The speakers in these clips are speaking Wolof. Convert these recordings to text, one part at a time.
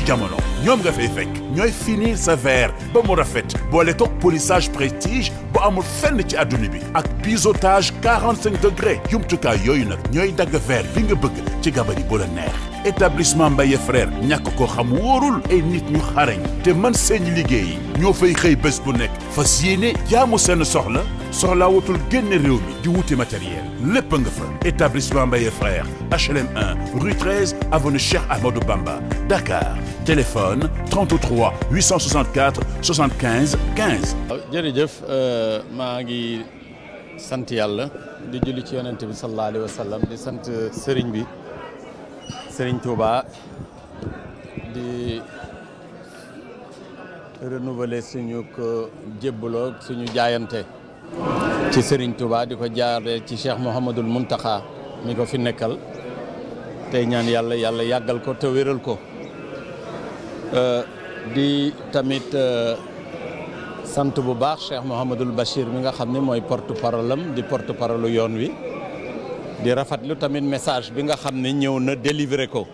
ci jamono ñoom nga fay fekk ñooy finir sa verre ba mu rafet boole toog polissage prestige bu amul fenn ci adduna bi ak biseautage 45 degré jumtukaay yooyu nag ñooy dagg verre bi nga bëgg ci gabari bu la neex établissement Mbaye frère ñàkk ko xam wóorul ay nit ñu xarañ te man seen liggéey ñoo fay xëy bés bu nekk fas yéene jaamu seen soxla soxlaa wutul génne réew mi di wuti matériel lépp nga fa établissement Mbaye frère HLM 1 rue 13 avenue Cheikh Amadou Bamba Dakar téléphone 33 864 75 15. jërëjëf euh, maa ngi sant yàlla di julli ci yonent bi sallallahu alayhi di sant sëriñ bi sëriñ Touba di renouveler suñu ko jébbaloo suñu jaayante ci sëriñ Touba di ko jaaree ci Cheikh Mouhamadul Mountakha mi ko fi nekkal tey ñaan yàlla yàlla yàggal ko te wéral ko. Euh, di tamit euh, sant bu baax Cheikh Mouhamadul Bachir mi nga xam ne mooy porte parole di porte parole yoon wi di rafetlu tamit message bi nga xam ne ñëw na délivrer ko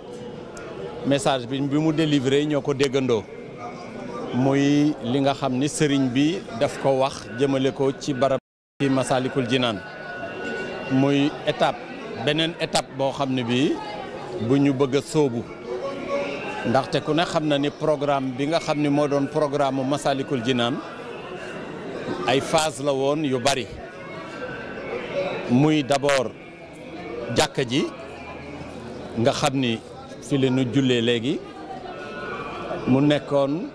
message bi bi mu délivrer ñoo ko déggandoo muy li nga xam ni sëriñ bi daf ko wax jëmale ko ci barab ci Masalikul Jinaan muy étape beneen étape boo xam ne bii bu ñu bëgg a sóobu ndaxte ku ne xam na ni programme bi nga xam ni moo doon programme Masalikul Jinaan ay phase la woon yu bari muy d'abord jàkka ji nga xam ni fi leen ñu jullee léegi mu nekkoon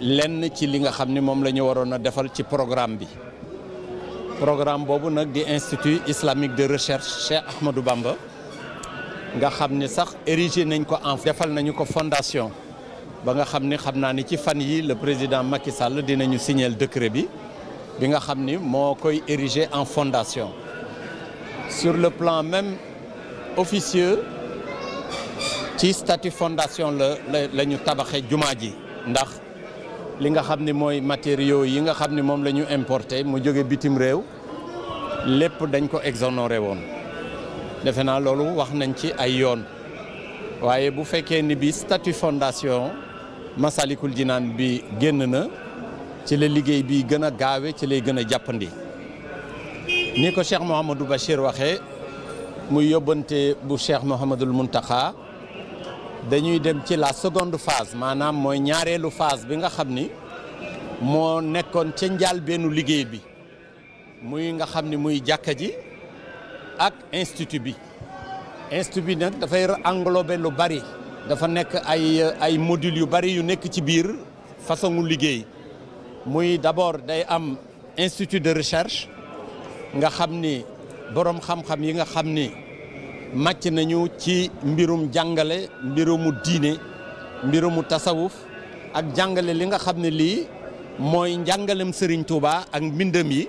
lenn ci li nga xam ni moom la ñu waroon a defal ci programme bi programme boobu nag di institut islamique de recherche Cheikh Ahmadou Bamba nga xam ni sax érigé nañ ko en defal nañu ko fondation ba nga xam ni xam naa ni ci fan yi la président Macky Sall dinañu signer décret bi bi nga xam ni moo koy érigé en fondation sur le plan même officieux ci statut fondation la la ñu tabaxee jumaa ji ndax li nga xam ni mooy matériaux yi nga xam ni moom la ñu importé mu jóge bitim réew lépp dañ ko exonéré woon defe naa loolu wax nañ ci ay yoon waaye bu fekkee ni bi statut fondation Massalikul Jinaan bi génn na ci la liggéey bi gën a gaawe ci lay gën a jàppandi ni ko Cheikh Mouhamadou Bachir waxe muy yóbbante bu Cheikh Mouhamadul Mountakha dañuy dem ci la seconde phase maanaam mooy ñaareelu phase bi nga xam ni moo nekkoon ca njaal bennu liggéey bi muy nga xam ni muy jàkka ji ak institut bi institut bi nag dafay englober lu bari dafa nekk ay ay modules yu bari yu nekk ci biir façon liggéey muy d'abord day am institut de recherche nga xam ni boroom xam-xam yi nga xam ni màcc nañu ci mbirum jàngale mbirumu diine mbirumu tasawuf ak jàngale li nga xam ne lii mooy njàngalem sëriñ Touba ak mbindam yi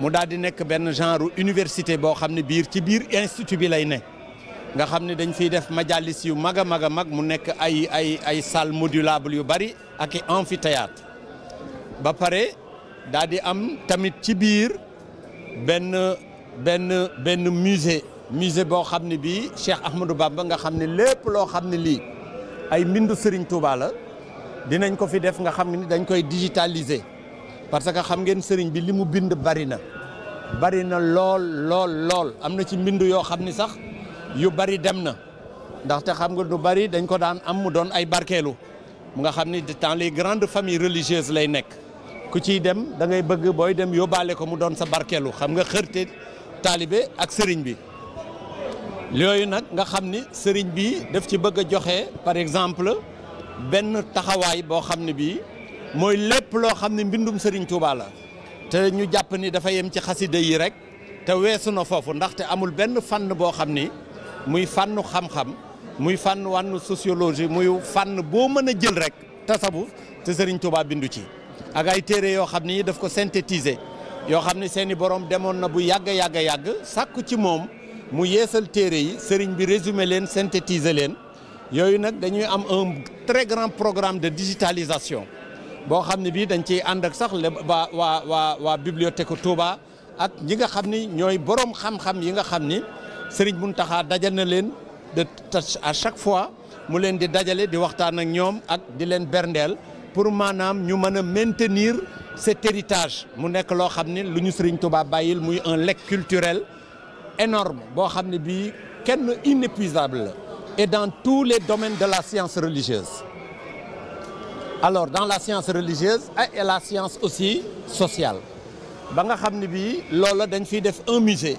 mu daal di nekk benn genre université boo xam ne biir ci biir institut bi lay ne nga xam ne dañ fiy def majalis yu mag a mag a mag mu nekk ay ay ay salle modulable yu bari ak i amphithéâtre ba pare daal di am tamit ci biir benn benn benn musée musée boo xam ne bi Cheikh Ahmadou Bamba nga xam ne lépp loo xam ne lii ay mbindu Serigne Touba la dinañ ko fi def nga xam ne dañ koy digitaliser parce que xam ngeen Serigne bi li mu bind bari na. bari na lool lool lool am na ci mbind yoo xam ni sax yu bari dem na ndaxte xam nga du bari dañ ko daan am mu doon ay barkeelu mu nga xam ni dans les grandes familles religieuses lay nekk ku ciy dem da ngay bëgg booy dem yóbbaale ko mu doon sa barkeelu xam nga xërte taalibe ak sëriñ bi yooyu nag nga xam ni sëriñ bi daf ci bëgg a joxe par exemple benn taxawaay boo xam ne bii mooy lépp loo xam ne mbindum sëriñ Tuuba la te ñu jàpp ni dafa yem ci xasida yi rek te weesu na foofu ndaxte amul benn fànn boo xam ni muy fànnu xam-xam muy fànn wànnu sociologie muy fànn boo mën a jël rek tasawuf te Serigne Touba bindu ci ak ay téere yoo xam ni daf ko synthétiser yoo xam ni seeni borom demoon na bu yàgg yàgg yàgg sàkku ci moom mu yeesal téere yi Serigne bi résumé leen synthétiser leen yooyu nag dañuy am un très grand programme de digitalisation boo xam ne bii dañ ciy ànd ak sax waa waa waa waa bibliothèque Touba ak ñi nga xam ni ñooy borom xam-xam yi nga xam ni Serigne Mountakha dajal na leen de à chaque fois mu leen di dajale di waxtaan ak ñoom ak di leen berndeel pour maanaam ñu mën a maintenir cet héritage mu nekk loo xam ne lu ñu Serigne Touba bàyyil muy un legs culturel énorme boo xam ne bii kenn inépuisable la et dans tous les domaines de la science religieuse alors dans la science religieuse et la science aussi sociale ba nga xam ne bii loola dañ fiy def un musée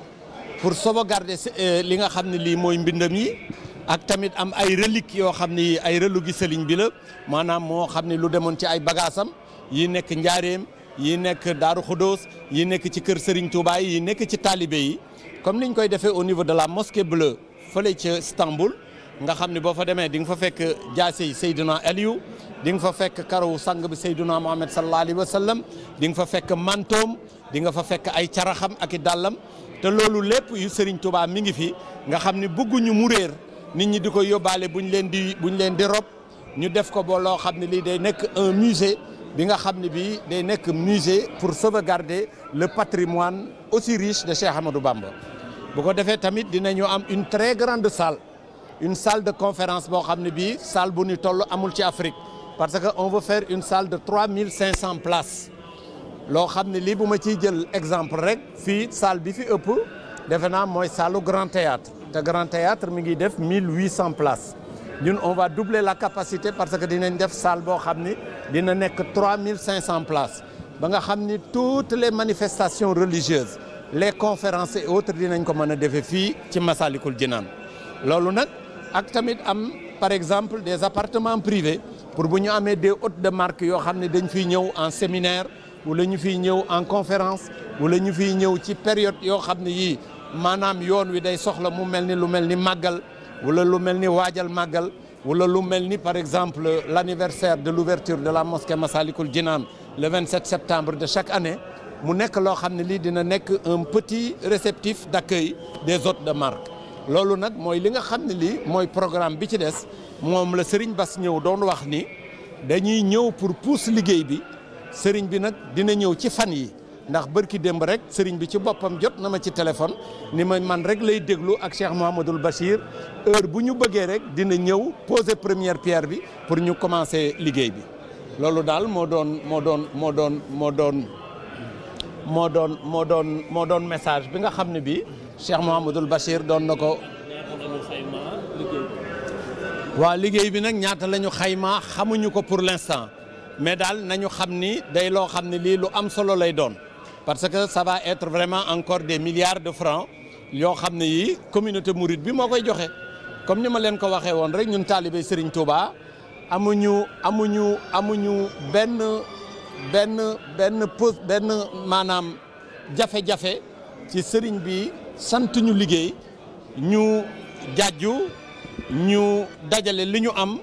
pour sauvegarder euh, li nga xam ne lii mooy mbindam yi ak tamit am ay reliques yoo xam ni ay relugi sëriñ bi la maanaam moo xam ne lu demoon ci ay bagaasam yi nekk njaareem yi nekk Daaru Xudoos yi nekk ci kër Serigne Touba yi nekk ci taalibe yi comme ñu koy defee au niveau de la mosque mosquée bleue fële ca Istanbul nga xam ne boo fa demee di nga fa fekk jaase yi Seydina Aliou di nga fa fekk karawu sang bi sayduna muhammad sallallahu alayhi wa sallam di nga fa fekk mantoom di nga fa fekk ay caraxam ak i dàllam te loolu lépp yu Serigne Touba mi ngi fi nga xam ni bëgguñu mu réer nit ñi di ko yóbbaale buñ leen di buñ leen di rob ñu def ko ba loo xam ne lii day nekk un musée bi nga xam ne bii day nekk musée pour sauvegarder le patrimoine aussi riche de Cheikh Amadou Bamba. bu ko defee tamit dinañu am une très grande salle une salle de conférence boo xam ne bii salle bu ñu toll amul ci Afrique. parce que on veut faire une salle de 3500 places loo xam ne lii bu ma ciy jël exemple rek fii salle bi fi ëpp defe naa mooy saalu Grand Théâtre te Grand Théâtre mi ngi def 1800 places ñun on va doubler la capacité parce que dinañ def salle boo xam ni dina nekk 3500 places ba nga xam ni toutes les manifestations religieuses les conférences et autres dinañ ko mën a defee fii ci Massalikul Jinaan loolu nag ak tamit am par exemple des appartements privés pour bu ñu amee des hôtes de marque yoo xam ne dañ fi ñëw en séminaire wala ñu fi ñëw en conférence wala ñu fiy ñëw ci période yoo xam ne yii maanaam yoon wi day soxla mu mel ni lu mel ni màggal wala lu mel ni waajal màggal wala lu mel ni par exemple l' anniversaire de l'ouverture de la mosquée Massalikul Jinaan le 27 septembre de chaque année mu nekk loo xam ne lii dina nekk un petit réceptif d' accueil des hôtes de marque loolu nag mooy li nga xam ne li mooy programme bi ci des moom la Serigne Bass ñëw doon wax nii dañuy ñëw pour pousse liggéey bi Serigne bi nag dina ñëw ci fan yi ndax bërki démb rek Serigne bi ci boppam jot na ma ci téléphone ni ma man rek lay déglu ak Cheikh Mouhamadoul Bachir heure bu ñu bëggee rek dina ñëw poser première pierre bi pour ñu commencer liggéey bi loolu daal moo doon moo doon moo doon moo doon moo doon moo doon moo doon message bi nga xam ne bii Cheikh Mouhamadoul Bachir doon na ko waaw liggéey bi nag ñaata la ñu xaymaa xamuñu ko pour l'instant mais daal nañu xam ni day loo xam ne lii lu am solo lay doon parce que ça va être vraiment encore des milliards de francs yoo xam ne yii communauté mouride bi moo koy joxe comme ni ma leen ko waxee woon rek ñun taalibe Serigne Touba amuñu amuñu amuñu benn benn benn pause benn maanaam jafe-jafe ci Serigne bi sant liggéey ñu jàjju ñu dajale li ñu am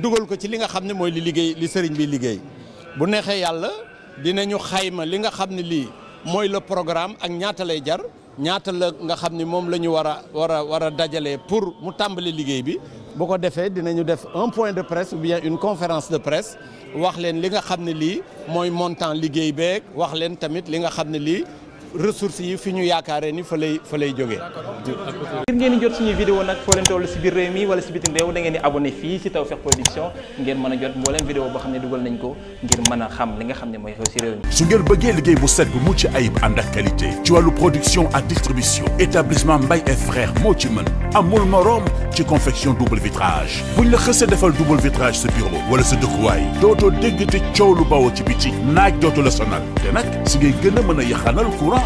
dugal ko ci li nga xam ne mooy li liggéey li sëriñ bi liggéey bu neexee yàlla dina ñu xayma li nga xam ne lii mooy le programme ak ñaata lay jar ñaata la nga xam ni moom la ñu war a war a war a dajale pour mu tàmbali liggéey bi bu ko defee dinañu def un point de presse ou bien une conférence de presse wax leen li nga xam ne lii mooy montant liggéey beeg wax leen tamit li nga xam ne lii ressources yi fi ñu yaakaaree ni fa lay fa lay jógee. ngir ngeen di jot suñuy vidéo nag foo leen toll si biir réew mi wala si bitim réew da ngeen di abonné fii si Tawfekh mën a jot mbooleem vidéo boo xam ne dugal nañ ko ngir mën a xam li nga xam ne mooy xew si réew mi. su ngeen bëggee liggéey bu set bu mucc ay ànd ak qualité. ci wàllu production ak distribution. établissement mbay et frères moo ci mën. amul morom ci confection double vitrage. buñ la xësee defal double vitrage sa bureau. wala sa dëkkuwaay. dootoo dégg te lu bawoo ci biti. naaj dootu la sonal te nag si ngay gën a mën a yaxanal courant